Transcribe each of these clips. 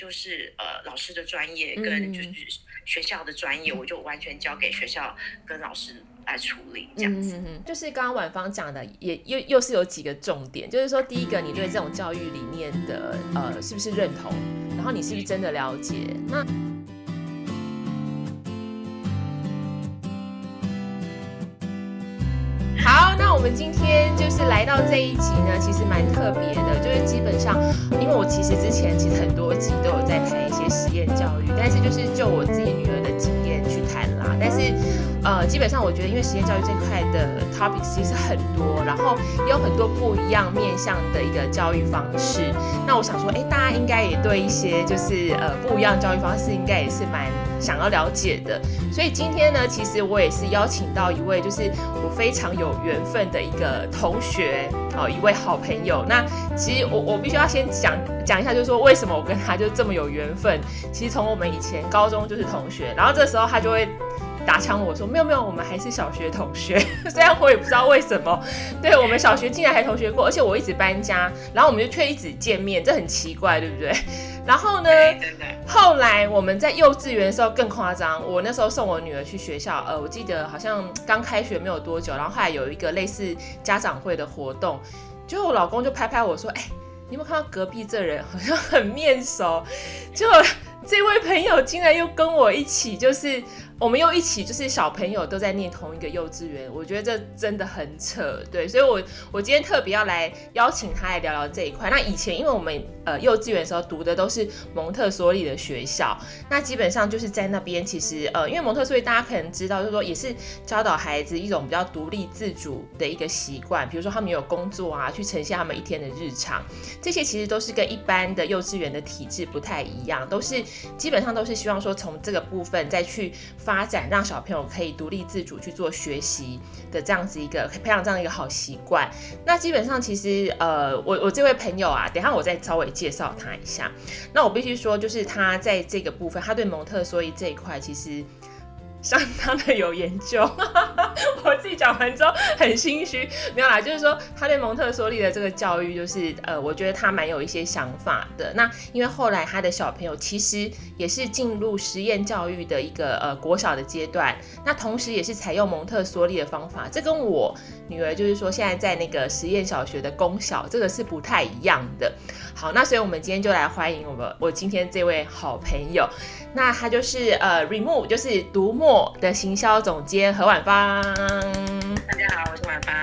就是呃，老師的專業跟就是學校的專業，我就完全交給學校跟老師來處理，這樣子，嗯嗯嗯嗯。就是剛剛宛芳講的也，也又又是有幾個重點，就是說，第一個，你對這種教育理念的呃，是不是認同？然後你是不是真的了解？嗯、那。我們今天就是來到這一集呢，其實蠻特別的，就是基本上，因為我其實之前其實很多集都有在談一些實驗教育，但是就是就我自己女兒的經驗去談啦。但是，呃，基本上我覺得，因為實驗教育這塊的 topics 其實很多，然後也有很多不一樣面向的一個教育方式。那我想說，哎、欸，大家應該也對一些就是呃不一樣的教育方式，應該也是蠻。想要了解的，所以今天呢，其實我也是邀請到一位，就是我非常有緣分的一個同學，哦，一位好朋友。那其實我我必須要先講講一下，就是說為什麼我跟他就這麼有緣分。其實從我們以前高中就是同學，然後這時候他就會打槍我說沒有沒有，我們還是小學同學。雖然我也不知道為什麼，對我們小學竟然還同學過，而且我一直搬家，然後我們就卻一直見面，這很奇怪，對不對？然後呢，後來我們在幼稚園的時候更誇張。我那時候送我女兒去學校，呃，我記得好像剛開學沒有多久，然後後來有一個類似家長會的活動，結果我老公就拍拍我說：“哎，你有沒有看到隔壁這人好像很面熟？”結果這位朋友竟然又跟我一起，就是。我們又一起，就是小朋友都在念同一個幼稚園，我覺得這真的很扯，對，所以我我今天特別要來邀請他來聊聊這一塊。那以前因為我們呃幼稚園的時候讀的都是蒙特梭利的學校，那基本上就是在那邊，其實呃，因為蒙特梭利大家可能知道，就是說也是教導孩子一種比較獨立自主的一個習慣，比如說他們有工作啊，去呈現他們一天的日常，這些其實都是跟一般的幼稚園的體制不太一樣，都是基本上都是希望說從這個部分再去。發展讓小朋友可以獨立自主去做學習的這樣子一個培養這樣的一個好習慣。那基本上其實呃，我我這位朋友啊，等一下我再稍微介紹他一下。那我必須說，就是他在這個部分，他對蒙特梭利這一塊其實。相當的有研究， 我自己講完之後很心虛。沒有啦，就是說他對蒙特梭利的這個教育，就是呃，我覺得他蠻有一些想法的。那因為後來他的小朋友其實也是進入實驗教育的一個呃國小的階段，那同時也是採用蒙特梭利的方法，這跟我女兒就是說現在在那個實驗小學的公小這個是不太一樣的。好，那所以我們今天就來歡迎我們我今天這位好朋友，那他就是呃，Readmoo 就是讀墨的行銷總監何婉芳。大家好，我是何婉芳。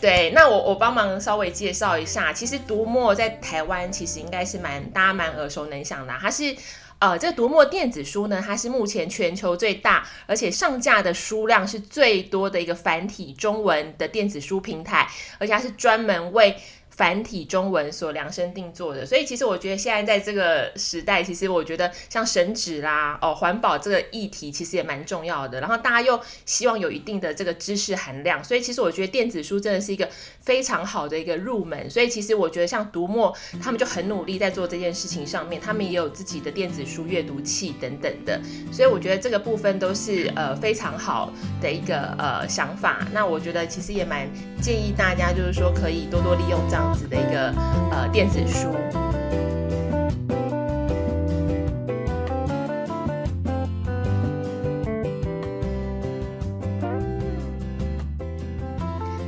對，那我我幫忙稍微介紹一下，其實讀墨在台灣其實應該是蠻大家蠻耳熟能詳的，它是呃，這個讀墨電子書呢，它是目前全球最大，而且上架的書量是最多的一個繁體中文的電子書平台，而且它是專門為繁體中文所量身定做的，所以其實我覺得現在在這個時代，其實我覺得像神紙啦，哦，環保這個議題其實也蠻重要的。然後大家又希望有一定的這個知識含量，所以其實我覺得電子書真的是一個非常好的一個入門。所以其實我覺得像讀墨他們就很努力在做這件事情上面，他們也有自己的電子書閱讀器等等的。所以我覺得這個部分都是呃非常好的一個呃想法。那我覺得其實也蠻建議大家就是說可以多多利用這樣。的一個呃電子書。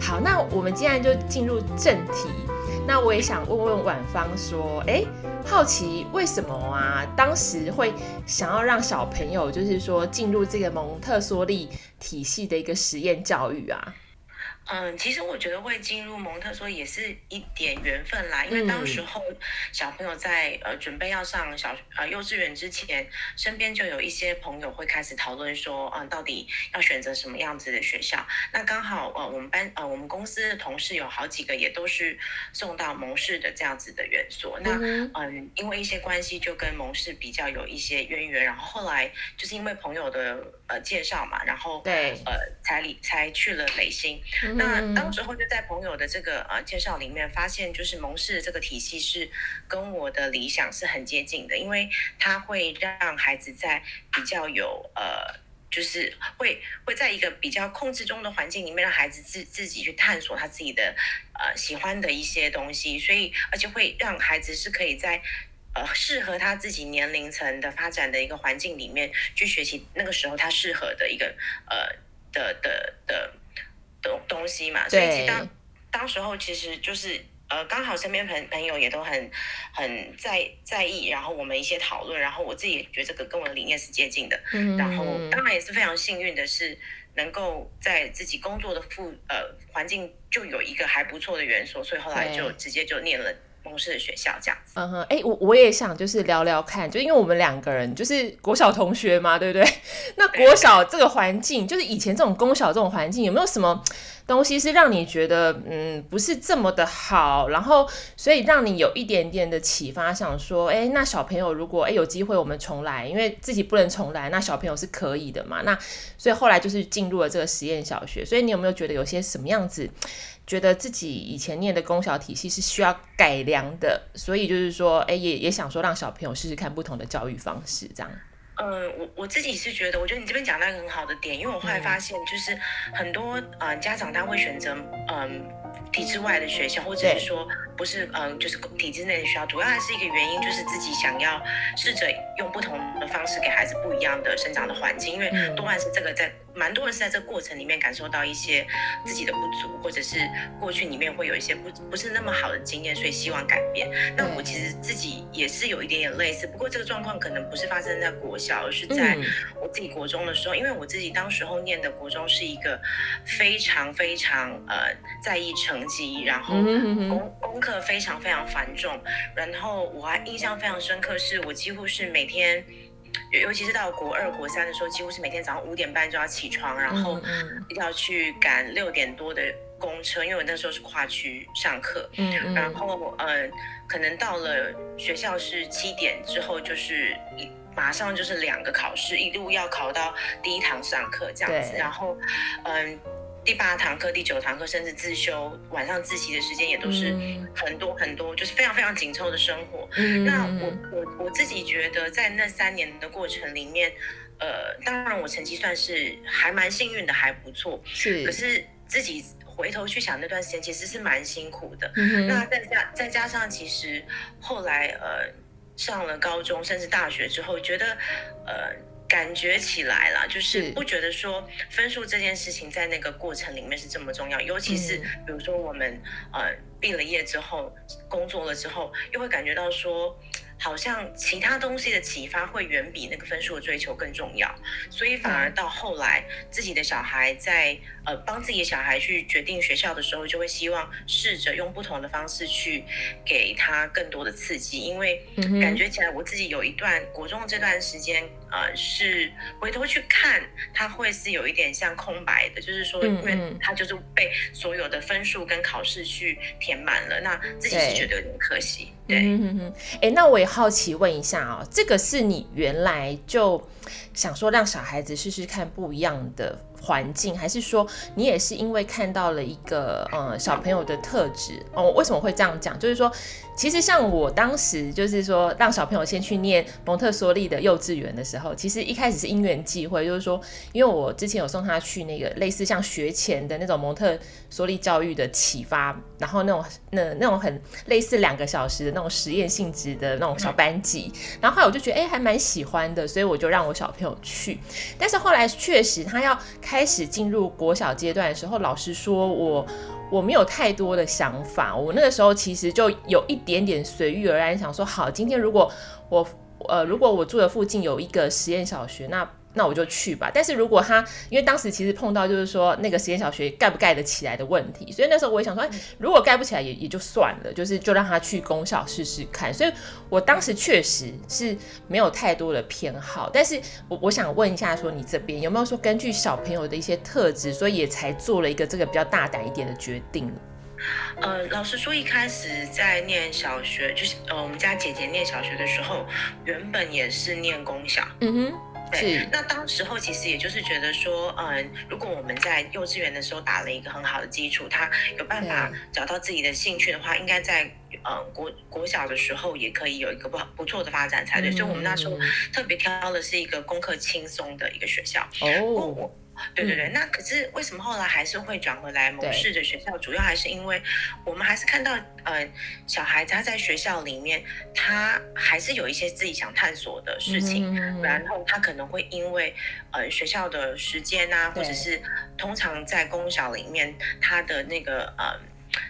好，那我們現在就進入正題。那我也想問問宛芳說，哎、欸，好奇為什麼啊？當時會想要讓小朋友，就是說進入這個蒙特梭利體系的一個實驗教育啊？嗯，其實我覺得會進入蒙特梭也是一點緣分啦，因為當時候小朋友在呃準備要上小呃幼稚園之前，身邊就有一些朋友會開始討論說嗯、呃，到底要選擇什麼樣子的學校？那剛好呃我們班呃我們公司的同事有好幾個也都是送到蒙氏的這樣子的園所。嗯，那嗯、呃、因為一些關係就跟蒙氏比較有一些淵源，然後後來就是因為朋友的呃介紹嘛，然後對呃才理才去了雷星。嗯那當時候就在朋友的這個呃介紹裡面，發現就是蒙氏這個體系是跟我的理想是很接近的，因為他會讓孩子在比較有呃，就是會會在一個比較控制中的環境裡面，讓孩子自自己去探索他自己的呃喜歡的一些東西，所以而且會讓孩子是可以在呃適合他自己年齡層的發展的一個環境裡面去學習，那個時候他適合的一個呃的的的。的的東東西嘛，所以其實當當時候其實就是呃，剛好身邊朋朋友也都很很在在意，然後我們一些討論，然後我自己也覺得這個跟我的理念是接近的，嗯，然後當然也是非常幸運的是能夠在自己工作的附呃環境就有一個還不錯的元素，所以後來就直接就念了。公立的學校這樣子，嗯哼，哎、欸，我我也想就是聊聊看，就因為我們兩個人就是國小同學嘛，對不對？那國小這個環境、嗯，就是以前這種公小這種環境，有沒有什麼東西是讓你覺得，嗯，不是這麼的好，然後所以讓你有一點點的啟發，想說，哎、欸，那小朋友如果哎、欸、有機會我們重來，因為自己不能重來，那小朋友是可以的嘛？那所以後來就是進入了這個實驗小學，所以你有沒有覺得有些什麼樣子？覺得自己以前念的公小體系是需要改良的，所以就是說，哎，也也想說讓小朋友試試看不同的教育方式，這樣。嗯、呃，我我自己是覺得，我覺得你這邊講到一個很好的點，因為我後來發現，就是很多嗯、呃、家長他會選擇嗯、呃、體制外的學校，或者是說不是嗯、呃、就是體制內的學校，主要還是一個原因就是自己想要試着用不同的方式給孩子不一樣的生長的環境，因為多半是這個在。嗯蠻多人是在這個過程裡面感受到一些自己的不足，或者是過去裡面會有一些不不是那麼好的經驗，所以希望改變。那我其實自己也是有一點點類似，不過這個狀況可能不是發生在國小，而是在我自己國中的時候，因為我自己當時候念的國中是一個非常非常呃在意成績，然後功、嗯、哼哼功課非常非常繁重，然後我還印象非常深刻是，是我幾乎是每天。尤其是到國二、國三的時候，幾乎是每天早上五點半就要起床，然後要去趕六點多的公車，因為我那時候是跨區上課。嗯嗯。然後嗯，呃，可能到了學校是七點之後，就是馬上就是兩個考試，一路要考到第一堂上課這樣子。對，然後嗯。呃第八堂課、第九堂課，甚至自修、晚上自習的時間也都是很多很多，嗯、就是非常非常緊湊的生活。嗯、那我我我自己覺得，在那三年的過程裡面，呃，當然我成績算是還蠻幸運的，還不錯。是。可是自己回頭去想那段時間，其實是蠻辛苦的。嗯、那再加再加上，其實後來呃上了高中，甚至大學之後，覺得呃。感覺起來啦，就是不覺得說分數這件事情在那個過程裡面是這麼重要。尤其是比如說我們呃畢了業之後，工作了之後，又會感覺到說，好像其他東西的啟發會遠比那個分數的追求更重要。所以反而到後來，自己的小孩在呃幫自己的小孩去決定學校的時候，就會希望試着用不同的方式去給他更多的刺激，因為感覺起來我自己有一段國中的這段時間。呃，是回頭去看，它會是有一點像空白的，就是說，因為它就是被所有的分數跟考試去填滿了，嗯、那自己是覺得有點可惜。對，對嗯哎、欸，那我也好奇問一下啊、哦，這個是你原來就想說讓小孩子試試看不一樣的環境，還是說你也是因為看到了一個呃小朋友的特質哦、呃？為什麼會這樣講？就是說。其實像我當時就是說，讓小朋友先去念蒙特梭利的幼稚園的時候，其實一開始是因緣際會，就是說，因為我之前有送他去那個類似像學前的那種蒙特梭利教育的啟發，然後那種那那種很類似兩個小時的那種實驗性質的那種小班級，嗯，然後後來我就覺得哎、欸，還蠻喜歡的，所以我就讓我小朋友去。但是後來確實他要開始進入國小階段的時候，老師說我。我沒有太多的想法，我那個時候其實就有一點點隨遇而安，想說好，今天如果我呃，如果我住的附近有一個實驗小學，那。那我就去吧。但是如果他，因為當時其實碰到就是說那個實驗小學蓋不蓋得起來的問題，所以那時候我也想說，哎，如果蓋不起來也也就算了，就是就讓他去公校試試看。所以我當時確實是沒有太多的偏好。但是我我想問一下，說你這邊有沒有說根據小朋友的一些特質，所以也才做了一個這個比較大膽一點的決定？呃，老實說，一開始在念小學，就是呃，我們家姐姐念小學的時候，原本也是念公校。嗯哼。對，那當時候其實也就是覺得說，嗯、呃，如果我們在幼稚園的時候打了一個很好的基礎，他有辦法找到自己的興趣的話，應該在嗯、呃、國國小的時候也可以有一個不不錯的發展才對。所、嗯、以我們那時候特別挑的是一個功課輕鬆的一個學校。哦、oh.。嗯、對對對，那可是為什麼後來還是會轉回來蒙氏的學校？主要還是因為我們還是看到，嗯、呃，小孩子他在學校裡面，他還是有一些自己想探索的事情，嗯哼嗯哼，然後他可能會因為，嗯、呃，學校的時間啊，或者是通常在公校裡面，他的那個呃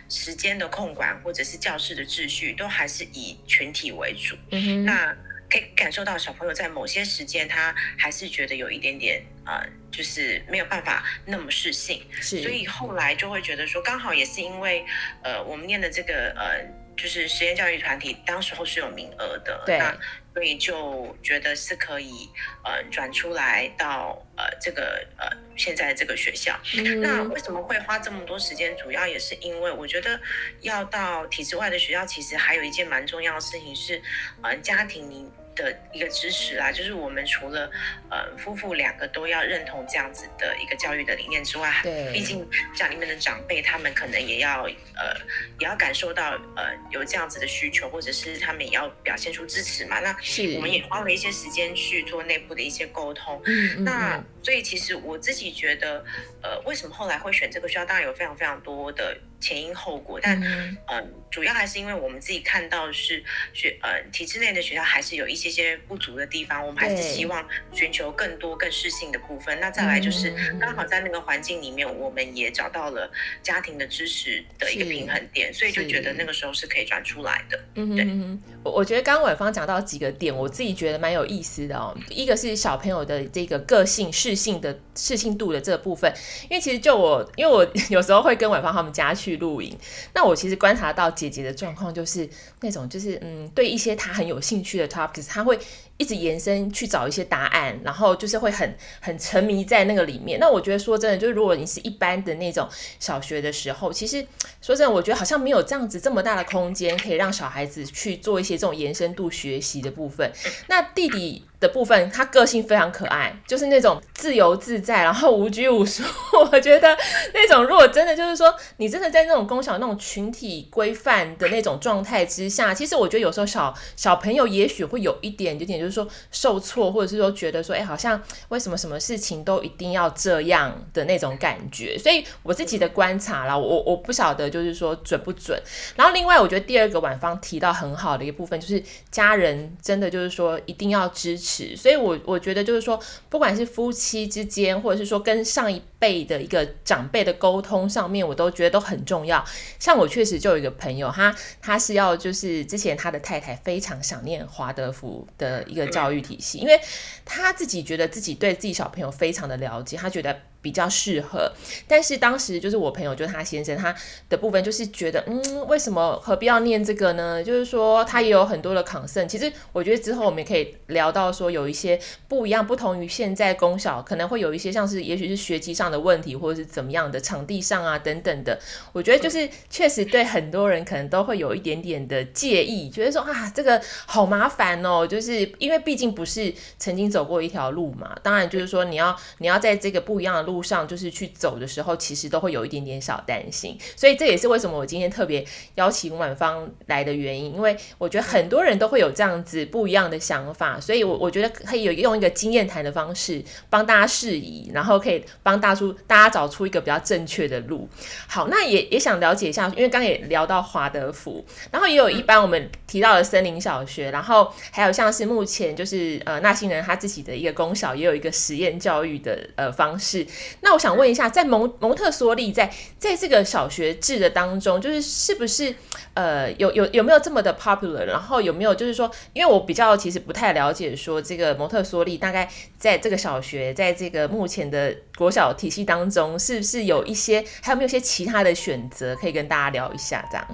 時間的控管，或者是教室的秩序，都還是以群體為主。嗯、那。可以感受到小朋友在某些時間，他還是覺得有一點點呃，就是沒有辦法那麼適性，所以後來就會覺得說，剛好也是因為，呃，我們念的這個呃，就是實驗教育團體，當時候是有名額的。對。那所以就覺得是可以呃轉出來到呃這個呃現在這個學校。嗯。那為什麼會花這麼多時間？主要也是因為我覺得要到體制外的學校，其實還有一件蠻重要的事情是，呃家庭。的一個支持啦、啊，就是我們除了、呃、夫婦兩個都要認同這樣子的一個教育的理念之外，對，畢竟家裡面的長輩他們可能也要呃也要感受到呃有這樣子的需求，或者是他們也要表現出支持嘛。那我們也花了一些時間去做內部的一些溝通。嗯 那所以其實我自己覺得，呃，為什麼後來會選這個學校，當然有非常非常多的前因後果，但嗯、 呃，主要還是因為我們自己看到是學呃體制內的學校還是有一些一些不足的地方，我們還是希望尋求更多更適性的部分。那再來就是剛好在那個環境裡面、嗯，我們也找到了家庭的支持的一個平衡點，所以就覺得那個時候是可以轉出來的。對，我、嗯嗯、我覺得剛宛芳講到幾個點，我自己覺得蠻有意思的哦。一個是小朋友的這個個性適性的適性度的這個部分，因為其實就我因為我有時候會跟宛芳他們家去露營，那我其實觀察到姐姐的狀況就是那種就是嗯，對一些她很有興趣的 topics 他會。一直延伸去找一些答案，然後就是會很很沉迷在那個裡面。那我覺得說真的，就是如果你是一般的那種小學的時候，其實說真的，我覺得好像沒有這樣子這麼大的空間，可以讓小孩子去做一些這種延伸度學習的部分。那弟弟的部分，他個性非常可愛，就是那種自由自在，然後無拘無束。 我覺得那種如果真的就是說，你真的在那種公小那種群體規範的那種狀態之下，其實我覺得有時候小小朋友也許會有一點，有點就是就是說受挫，或者是說覺得說，哎、欸，好像為什麼什麼事情都一定要這樣的那種感覺。所以我自己的觀察啦，我我不曉得就是說準不準。然後另外，我覺得第二個宛芳提到很好的一部分，就是家人真的就是說一定要支持。所以我我覺得就是說，不管是夫妻之間，或者是說跟上一輩的一個長輩的溝通上面，我都覺得都很重要。像我確實就有一個朋友，他他是要就是之前他的太太非常想念華德福的一個教育體系，因為他自己覺得自己對自己小朋友非常的了解，他覺得。比較適合，但是當時就是我朋友，就是他先生，他的部分就是覺得，嗯，為什麼何必要念這個呢？就是說，他也有很多的 concern。其實我覺得之後我們也可以聊到說，有一些不一樣，不同於現在公小可能會有一些像是，也許是學籍上的問題，或者是怎麼樣的場地上啊等等的。我覺得就是確實對很多人可能都會有一點點的介意，覺得說啊，這個好麻煩哦，就是因為畢竟不是曾經走過一條路嘛。當然就是說你要你要在這個不一樣的路，路上就是去走的時候，其實都會有一點點小擔心，所以這也是為什麼我今天特別邀請宛芳來的原因，因為我覺得很多人都會有這樣子不一樣的想法，嗯、所以我我覺得可以有一用一個經驗談的方式幫大家釋疑，然後可以幫大家大家找出一個比較正確的路。好，那也也想了解一下，因為剛也聊到華德福，然後也有一般我們提到的森林小學，然後還有像是目前就是呃那些人他自己的一個公小，也有一個實驗教育的呃方式。那我想問一下，在蒙蒙特梭利在在這個小學制的當中，就是是不是呃有有有沒有這麼的 popular？然後有沒有就是說，因為我比較其實不太了解說，說這個蒙特梭利大概在這個小學，在這個目前的國小體系當中，是不是有一些，還有沒有些其他的選擇可以跟大家聊一下？這樣。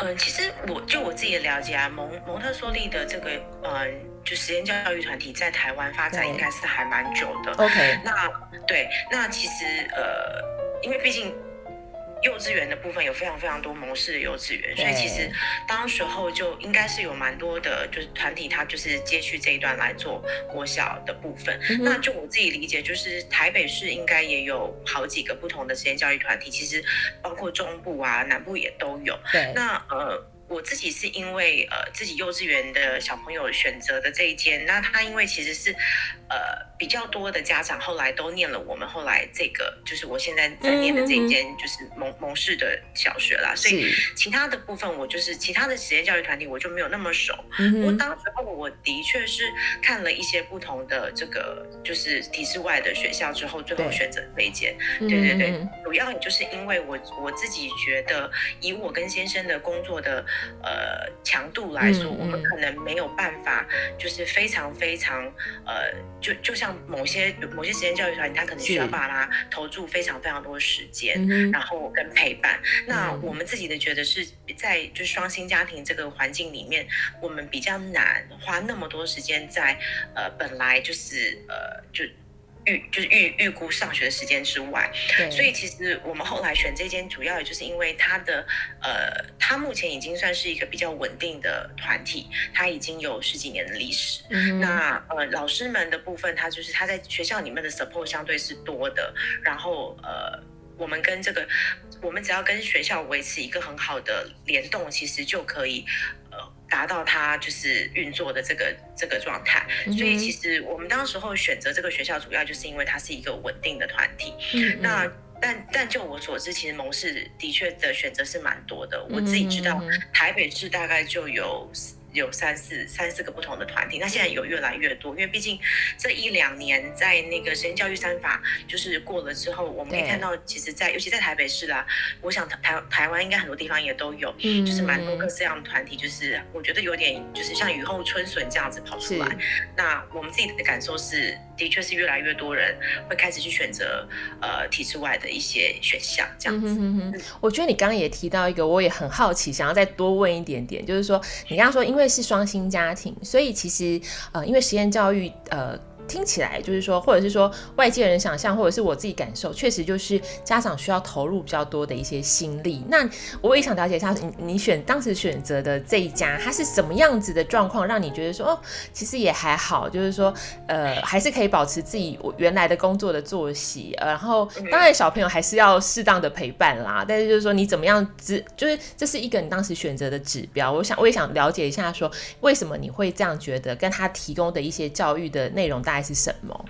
嗯，其實我就我自己的了解啊，蒙蒙特梭利的這個嗯。就實驗教育團體在台灣發展應該是還蠻久的。OK，那對，那其實呃，因為畢竟幼稚園的部分有非常非常多蒙氏的幼稚園，所以其實當時候就應該是有蠻多的，就是團體它就是接續這一段來做國小的部分。Mm -hmm. 那就我自己理解，就是台北市應該也有好幾個不同的實驗教育團體，其實包括中部啊、南部也都有。對。那，呃。我自己是因為呃，自己幼稚園的小朋友選擇的這一間，那他因為其實是，呃。比較多的家長後來都念了我們後來這個，就是我現在在念的這一間，就是蒙蒙氏的小學啦，所以其他的部分我就是其他的實驗教育團體我就沒有那麼熟。我、嗯、當時候我的確是看了一些不同的這個就是體制外的學校之後，最後選擇那一間。對對對，嗯嗯嗯，主要也就是因為我我自己覺得以我跟先生的工作的呃強度來說，我們可能沒有辦法就是非常非常呃就就像。像某些某些實驗教育團，他可能需要爸媽投注非常非常多的時間，然後跟陪伴，嗯。那我們自己的覺得是在就是雙薪家庭這個環境裡面，我們比較難花那麼多時間在呃本來就是呃就。預就是預預估上學的時間之外，對，所以其實我們後來選這間主要也就是因為他的呃，他目前已經算是一個比較穩定的團體，他已經有十幾年的歷史。嗯，那呃，老師們的部分，他就是他在學校裡面的 support 相對是多的，然後呃，我們跟這個，我們只要跟學校維持一個很好的聯動，其實就可以。達到它，就是運作的這個這個狀態，mm -hmm. 所以其實我們當時候選擇這個學校，主要就是因為它是一個穩定的團體。Mm -hmm. 那但但就我所知，其實蒙氏的確的選擇是蠻多的。我自己知道，台北市大概就有。有三四三四個不同的團體，那現在有越來越多，因為畢竟這一兩年在那個實驗教育三法就是過了之後，我們可以看到，其實在尤其在台北市啦，啊，我想台台灣應該很多地方也都有，就是蠻多各式樣的團體，嗯，就是我覺得有點就是像雨後春筍這樣子跑出來。那我們自己的感受是，的確是越來越多人會開始去選擇呃體制外的一些選項這樣子，嗯。我覺得你剛剛也提到一個，我也很好奇，想要再多問一點點，就是說你剛剛說因為，是雙薪家庭，所以其實呃，因為實驗教育呃。聽起來就是說，或者是說外界人想象，或者是我自己感受，確實就是家長需要投入比較多的一些心力。那我也想了解一下，你，你選當時選擇的這一家，它是什麼樣子的狀況，讓你覺得說，哦，其實也還好，就是說，呃，還是可以保持自己原來的工作的作息。呃，然後，當然小朋友還是要適當的陪伴啦。但是就是說，你怎麼樣，只，就是這是一個你當時選擇的指標。我想，我也想了解一下說，說為什麼你會這樣覺得，跟他提供的一些教育的內容大。還是什麼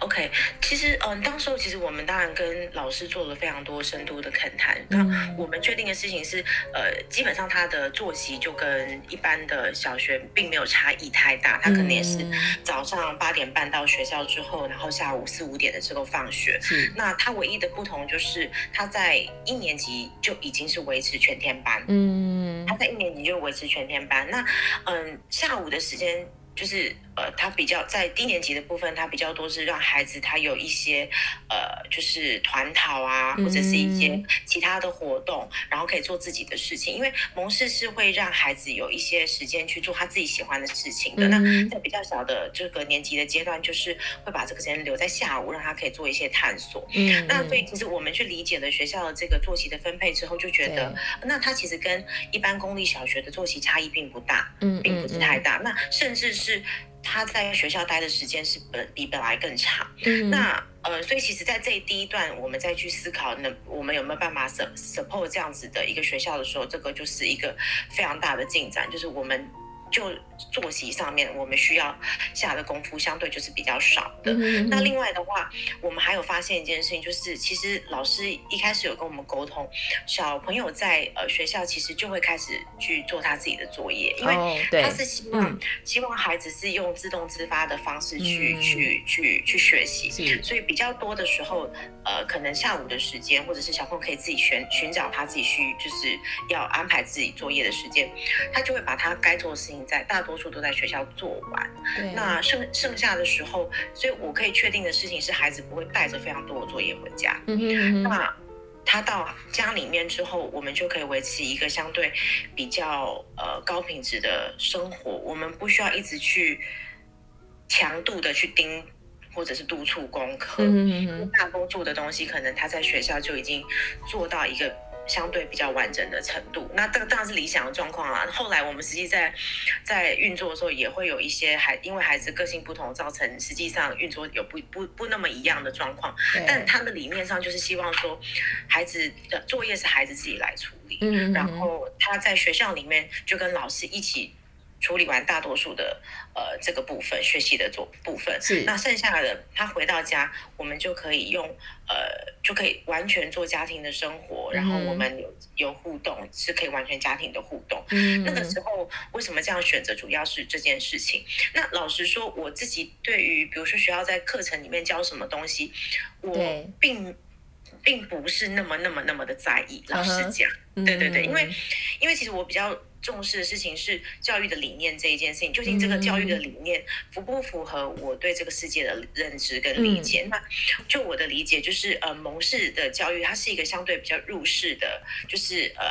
？OK，其實，嗯、呃，當時候其實我們當然跟老師做了非常多深度的懇談。那、嗯、我們確定的事情是，呃，基本上他的作息就跟一般的小學並沒有差異太大。嗯、他可能也是早上八點半到學校之後，然後下午四五點的時候放學是。那他唯一的不同就是他在一年級就已經是維持全天班。嗯，他在一年級就維持全天班。那，嗯、呃，下午的時間就是。呃，他比較在低年級的部分，他比較多是讓孩子他有一些，呃，就是團討啊，或者是一些其他的活動，然後可以做自己的事情。因為蒙氏是會讓孩子有一些時間去做他自己喜歡的事情的。那在比較小的這個年級的階段，就是會把這個時間留在下午，讓他可以做一些探索。那所以其實我們去理解了學校的這個作息的分配之後，就覺得那他其實跟一般公立小學的作息差異並不大，嗯，並不是太大。那甚至是。他在學校待的時間是本比本來更長，嗯、那呃，所以其實，在這第一段，我們再去思考，那我們有沒有辦法 support 這樣子的一個學校的時候，這個就是一個非常大的進展，就是我們。就作息上面，我們需要下的功夫相對就是比較少的。Mm -hmm. 那另外的話，我們還有發現一件事情，就是其實老師一開始有跟我們溝通，小朋友在呃學校其實就會開始去做他自己的作業，因為他是希望、oh, mm -hmm. 希望孩子是用自動自發的方式去、mm -hmm. 去去去學習是，所以比較多的時候，呃，可能下午的時間或者是小朋友可以自己尋尋找他自己去就是要安排自己作業的時間，他就會把他該做的事情。在大多數都在學校做完，那剩剩下的時候，所以我可以確定的事情是，孩子不會帶着非常多的作業回家。嗯、哼哼，那他到家裡面之後，我們就可以維持一個相對比較呃高品質的生活。我們不需要一直去強度的去盯或者是督促功課。嗯哼哼，大多數的東西，可能他在學校就已經做到一個。相對比較完整的程度，那這個當然是理想的狀況啦、啊。後來我們實際在在運作的時候，也會有一些孩，因為孩子個性不同，造成實際上運作有不不不那麼一樣的狀況。但他的理念上就是希望說，孩子的作業是孩子自己來處理。嗯嗯嗯，然後他在學校裡面就跟老師一起。處理完大多數的呃，這個部分學習的做部分，是那剩下的他回到家，我們就可以用呃，就可以完全做家庭的生活，嗯、然後我們有有互動是可以完全家庭的互動。嗯，那個時候為什麼這樣選擇，主要是這件事情。那老實說，我自己對於比如說學校在課程裡面教什麼東西，我並並不是那麼那麼那麼的在意。Uh-huh、老實講、嗯，對對對，因為因為其實我比較。重視的事情是教育的理念這一件事情，究竟這個教育的理念符不符合我對這個世界的認知跟理解？那就我的理解，就是呃，蒙氏的教育它是一個相對比較入世的，就是呃，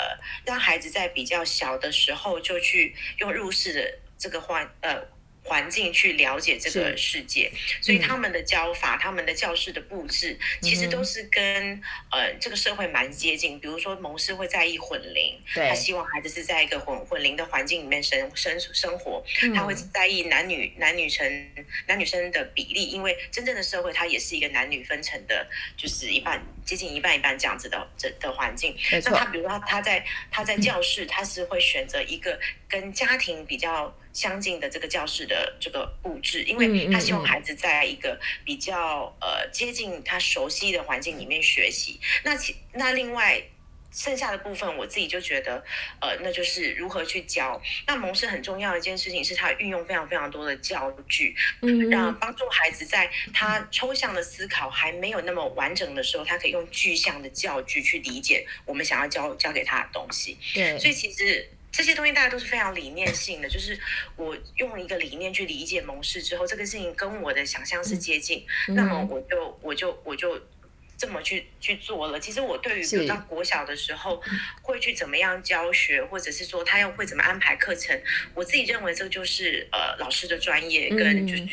讓孩子在比較小的時候就去用入世的這個話呃。環境去了解這個世界、嗯，所以他們的教法、他們的教室的布置，嗯、其實都是跟呃這個社會蠻接近。比如說，蒙氏會在意混齡，他希望孩子是在一個混混齡的環境裡面生生生活、嗯，他會在意男女男女成男女生的比例，因為真正的社會它也是一個男女分成的，就是一半接近一半一半這樣子的這的環境。那他比如說他在他在教室、嗯，他是會選擇一個跟家庭比較。相近的這個教室的這個佈置，因為他希望孩子在一個比較呃接近他熟悉的環境裡面學習。那其那另外剩下的部分，我自己就覺得呃，那就是如何去教。那蒙氏很重要的一件事情是，他運用非常非常多的教具，嗯，讓幫助孩子在他抽象的思考還沒有那麼完整的時候，他可以用具象的教具去理解我們想要教教給他的東西。對，所以其實。這些東西大家都是非常理念性的，就是我用一個理念去理解蒙氏之後，這個事情跟我的想象是接近，嗯、那麼我就我就、嗯、我就。我就這麼去去做了，其實我對於到國小的時候會去怎麼樣教學，或者是說他要會怎麼安排課程，我自己認為這就是呃老師的專業跟就是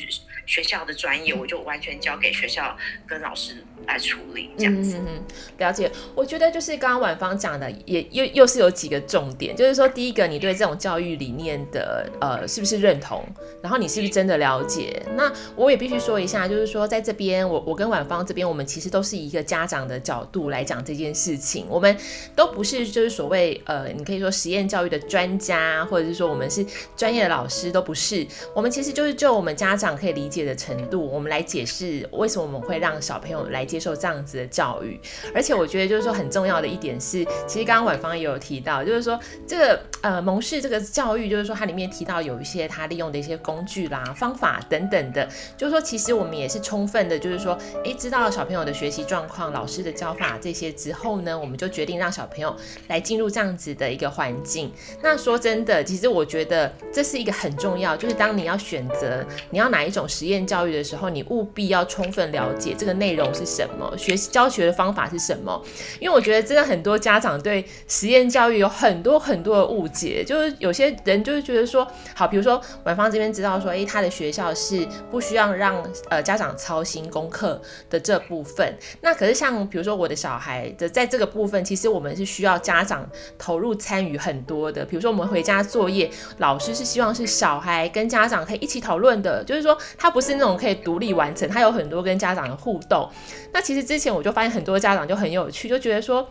學校的專業。嗯嗯嗯，我就完全交給學校跟老師來處理這樣子，嗯嗯嗯。了解，我覺得就是剛剛宛芳講的也，也又又是有幾個重點，就是說第一個，你對這種教育理念的呃是不是認同，然後你是不是真的了解？嗯、那我也必須說一下，就是說在這邊我我跟宛芳這邊，我們其實都是一家長的角度來講這件事情，我們都不是就是所謂呃，你可以說實驗教育的專家，或者是說我們是專業的老師，都不是。我們其實就是就我們家長可以理解的程度，我們來解釋為什麼我們會讓小朋友來接受這樣子的教育。而且我覺得就是說很重要的一點是，其實剛剛宛芳也有提到，就是說這個呃蒙氏這個教育，就是說它裡面提到有一些它利用的一些工具啦、方法等等的，就是說其實我們也是充分的，就是說誒，知道了小朋友的學習狀況。況老師的教法這些之後呢，我們就決定讓小朋友來進入這樣子的一個環境。那說真的，其實我覺得這是一個很重要，就是當你要選擇你要哪一種實驗教育的時候，你務必要充分了解這個內容是什麼，學習教學的方法是什麼。因為我覺得真的很多家長對實驗教育有很多很多的誤解，就是有些人就是覺得說，好，比如說宛芳這邊知道說，誒、欸，他的學校是不需要讓呃家長操心功課的這部分，那。可是像比如說我的小孩的在這個部分，其實我們是需要家長投入參與很多的。比如說我們回家作業，老師是希望是小孩跟家長可以一起討論的，就是說他不是那種可以獨立完成，他有很多跟家長的互動。那其實之前我就發現很多家長就很有趣，就覺得說。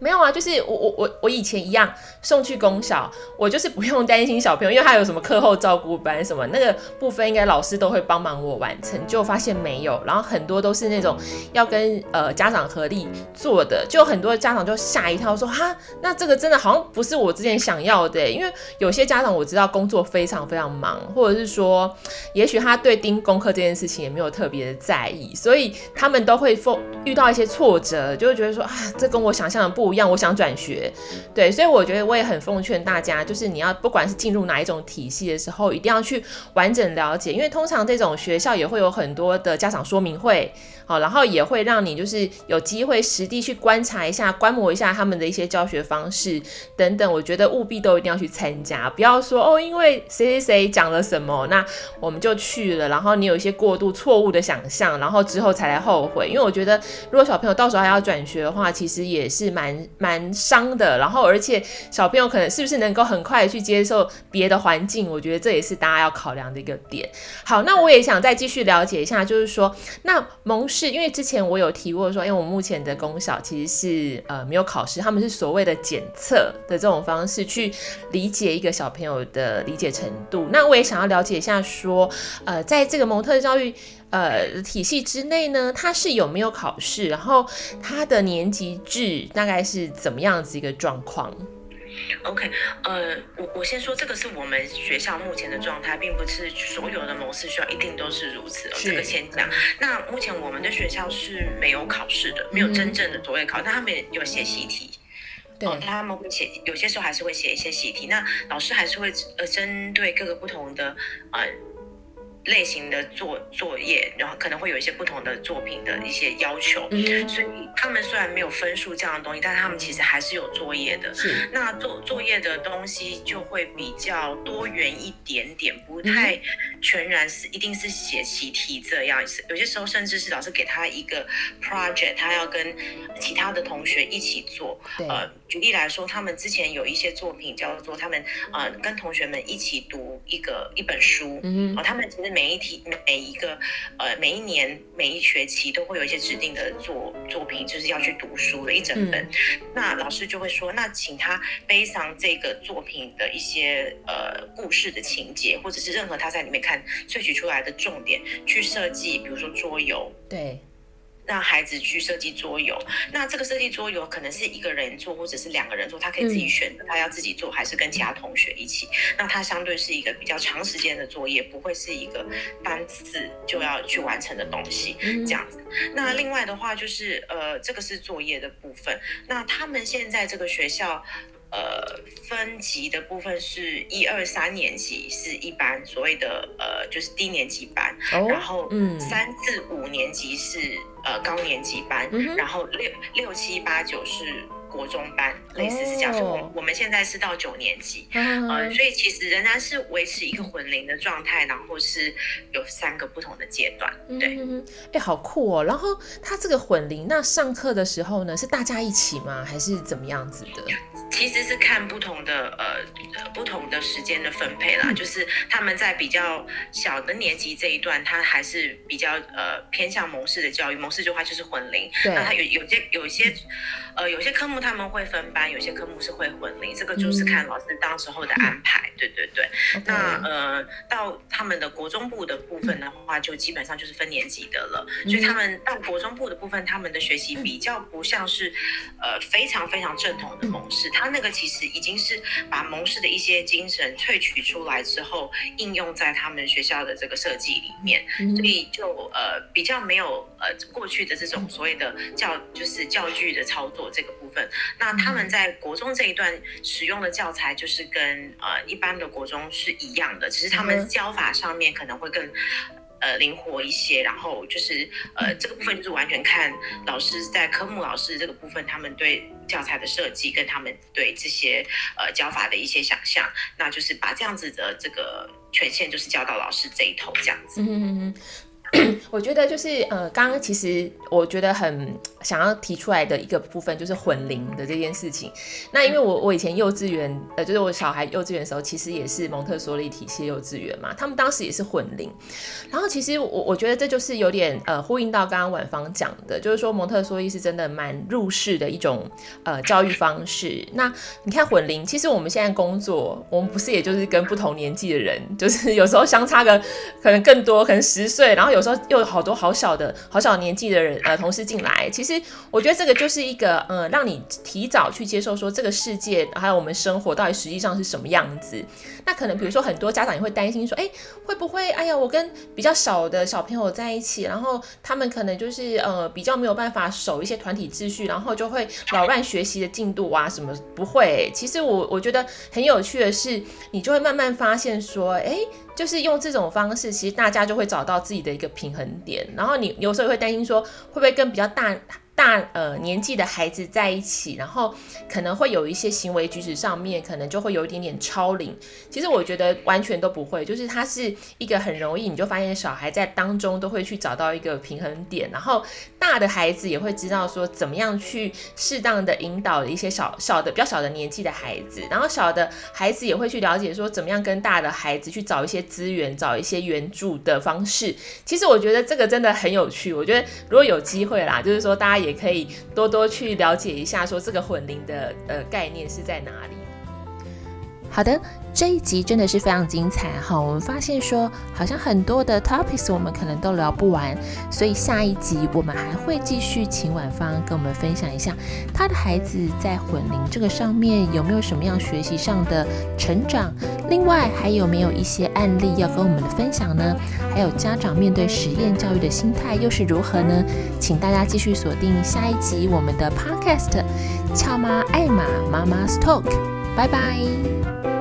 沒有啊，就是我我我我以前一樣送去公校，我就是不用擔心小朋友，因為他有什麼課後照顧班什麼那個部分，應該老師都會幫忙我完成，就發現沒有，然後很多都是那種要跟呃家長合力做的，就很多家長就嚇一跳說，說哈那這個真的好像不是我之前想要的。欸，因為有些家長我知道工作非常非常忙，或者是說也許他對盯功課這件事情也沒有特別的在意，所以他們都會否，遇到一些挫折，就會覺得說啊這跟我想象的不。不一樣，我想轉學，對，所以我覺得我也很奉勸大家，就是你要不管是進入哪一種體系的時候，一定要去完整了解，因為通常這種學校也會有很多的家長說明會，好，然後也會讓你就是有機會實地去觀察一下，觀摩一下他們的一些教學方式等等，我覺得務必都一定要去參加，不要說哦，因為誰誰誰講了什麼，那我們就去了，然後你有一些過度錯誤的想象，然後之後才來後悔，因為我覺得如果小朋友到時候還要轉學的話，其實也是蠻。蠻傷的，然後而且小朋友可能是不是能夠很快的去接受別的環境，我覺得這也是大家要考量的一個點。好，那我也想再繼續了解一下，就是說那蒙氏，因為之前我有提過說，因為我目前的公校其實是呃沒有考試，他們是所謂的檢測的這種方式去理解一個小朋友的理解程度。那我也想要了解一下說，說呃在這個蒙特教育。呃，體系之內呢，他是有沒有考試？然後他的年級制大概是怎麼樣子一個狀況？OK，呃，我我先說這個是我們學校目前的狀態，並不是所有的蒙特梭利學校一定都是如此。是這個先講。那目前我們的學校是沒有考試的，沒有真正的所謂考、嗯，但他們有寫習題。對、嗯呃，他們會寫，有些時候還是會寫一些習題。那老師還是會呃，針對各個不同的呃。類型的作作業，然後可能會有一些不同的作品的一些要求，mm -hmm. 所以他們雖然沒有分數這樣的東西，但他們其實還是有作業的。Mm -hmm. 那作作業的東西就會比較多元一點點，mm -hmm. 不太全然是，一定是寫習題這樣。有些時候甚至是老師給他一個 project，他要跟其他的同學一起做。Mm -hmm. 呃、mm -hmm. 舉例來說，他們之前有一些作品叫做他們、呃、跟同學們一起讀一個一本書、呃，他們其實每一題每一個呃每一年每一學期都會有一些指定的作作品，就是要去讀書的一整本、嗯。那老師就會說，那請他背上這個作品的一些呃故事的情節，或者是任何他在裡面看萃取出來的重點，去設計，比如說桌遊。對。讓孩子去設計桌遊，那這個設計桌遊可能是一個人做，或者是兩個人做，他可以自己選擇，他要自己做還是跟其他同學一起。那他相對是一個比較長時間的作業，不會是一個單次就要去完成的東西這樣子。那另外的話就是，呃，這個是作業的部分。那他們現在這個學校。呃，分級的部分是一二三年級是一班，所謂的呃就是低年級班，oh, 然後三至五年級是呃高年級班，mm -hmm. 然後六六七八九是。國中班類似是講說，oh. 我們現在是到九年級，嗯、uh -huh. 呃，所以其實仍然是維持一個混齡的狀態，然後是有三個不同的階段，mm -hmm. 對，哎、欸，好酷哦。然後他這個混齡，那上課的時候呢，是大家一起嗎，還是怎麼樣子的？其實是看不同的呃不同的時間的分配啦，mm -hmm. 就是他們在比較小的年級這一段，他還是比較呃偏向蒙氏的教育，蒙氏的話就是混齡，那他有有些有些呃有些科目，他們會分班，有些科目是會混齡，這個就是看老師當時候的安排。對對對，那呃，到他們的國中部的部分的話，就基本上就是分年級的了。所以他們到國中部的部分，他們的學習比較不像是，呃，非常非常正統的蒙氏。他那個其實已經是把蒙氏的一些精神萃取出來之後，應用在他們學校的這個設計裡面，所以就呃比較沒有呃過去的這種所謂的教就是教具的操作這個部分。那他們在國中這一段使用的教材就是跟呃一般的國中是一樣的，只是他們教法上面可能會更呃靈活一些。然後就是呃這個部分就是完全看老師在科目老師這個部分，他們對教材的設計跟他們對這些呃教法的一些想象，那就是把這樣子的這個權限就是交到老師這一頭這樣子。嗯嗯嗯。 我覺得就是呃，剛剛其實我覺得很想要提出來的一個部分，就是混齡的這件事情。那因為我我以前幼稚園，呃，就是我小孩幼稚園的時候，其實也是蒙特梭利體系幼稚園嘛，他們當時也是混齡。然後其實我我覺得這就是有點呃，呼應到剛剛宛芳講的，就是說蒙特梭利是真的蠻入世的一種呃教育方式。那你看混齡，其實我們現在工作，我們不是也就是跟不同年紀的人，就是有時候相差個可能更多，可能十歲，然後有。有時候又有好多好小的好小的年紀的人呃，同事進來，其實我覺得這個就是一個呃，讓你提早去接受說這個世界還有我們生活到底實際上是什麼樣子。那可能比如說很多家長也會擔心說，哎、欸，會不會哎呀，我跟比較小的小朋友在一起，然後他們可能就是呃比較沒有辦法守一些團體秩序，然後就會擾亂學習的進度啊什麼？不會、欸，其實我我覺得很有趣的是，你就會慢慢發現說，哎、欸。就是用這種方式，其實大家就會找到自己的一個平衡點，然後你有時候會擔心說，會不會跟比較大。大呃年紀的孩子在一起，然後可能會有一些行為舉止上面，可能就會有一點點超齡。其實我覺得完全都不會，就是他是一個很容易，你就發現小孩在當中都會去找到一個平衡點，然後大的孩子也會知道說怎麼樣去適當的引導一些小小的比較小的年紀的孩子，然後小的孩子也會去了解說怎麼樣跟大的孩子去找一些資源，找一些援助的方式。其實我覺得這個真的很有趣。我覺得如果有機會啦，就是說大家也。也可以多多去了解一下，說這個混齡的呃概念是在哪裡。好的，這一集真的是非常精彩哈！我們發現說，好像很多的 topics 我們可能都聊不完，所以下一集我們還會繼續請宛芳跟我們分享一下她的孩子在混齡這個上面有沒有什麼樣學習上的成長，另外還有沒有一些案例要跟我們的分享呢？還有家長面對實驗教育的心態又是如何呢？請大家繼續鎖定下一集我們的 podcast《俏媽艾瑪媽媽 's Talk》拜拜。